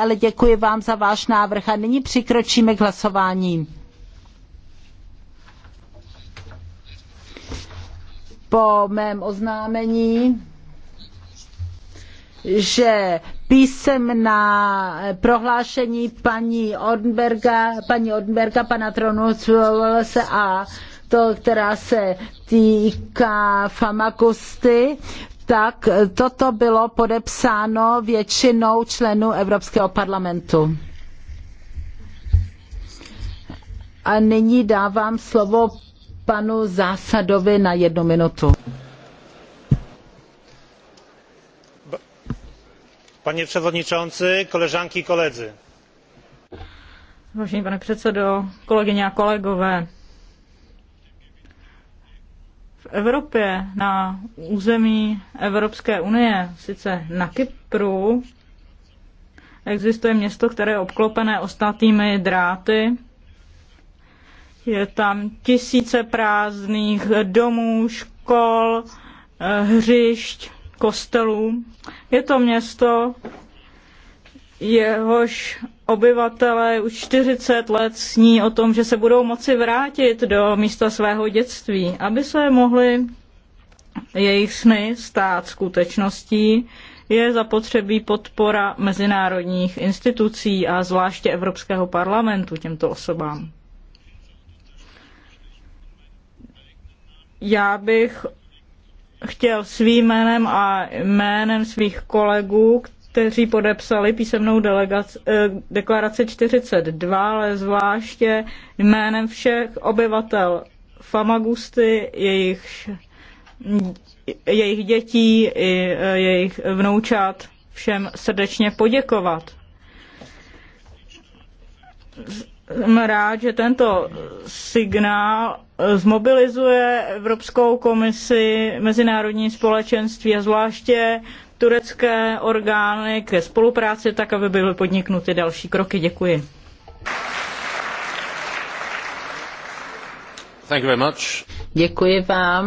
ale děkuji vám za váš návrh a nyní přikročíme k hlasování. Po mém oznámení, že písemná prohlášení paní Odenberga, paní Odenberga, pana se a to, která se týká famakusty, tak toto bylo podepsáno většinou členů Evropského parlamentu. A nyní dávám slovo panu Zásadovi na jednu minutu. Pane předsedající, koleżanki i koledzy. Vážený pane předsedo, kolegyně a kolegové, v Evropě, na území Evropské unie, sice na Kypru, existuje město, které je obklopené ostatními dráty. Je tam tisíce prázdných domů, škol, eh, hřišť, kostelů. Je to město, jehož obyvatelé už 40 let sní o tom, že se budou moci vrátit do místa svého dětství, aby se mohly jejich sny stát skutečností, je zapotřebí podpora mezinárodních institucí a zvláště Evropského parlamentu těmto osobám. Já bych chtěl svým jménem a jménem svých kolegů, kteří podepsali písemnou delegaci, eh, deklaraci 42, ale zvláště jménem všech obyvatel Famagusty, jejich, jejich dětí i eh, jejich vnoučat všem srdečně poděkovat. Jsem rád, že tento signál zmobilizuje Evropskou komisi, mezinárodní společenství a zvláště turecké orgány ke spolupráci, tak aby byly podniknuty další kroky. Děkuji. Děkuji vám.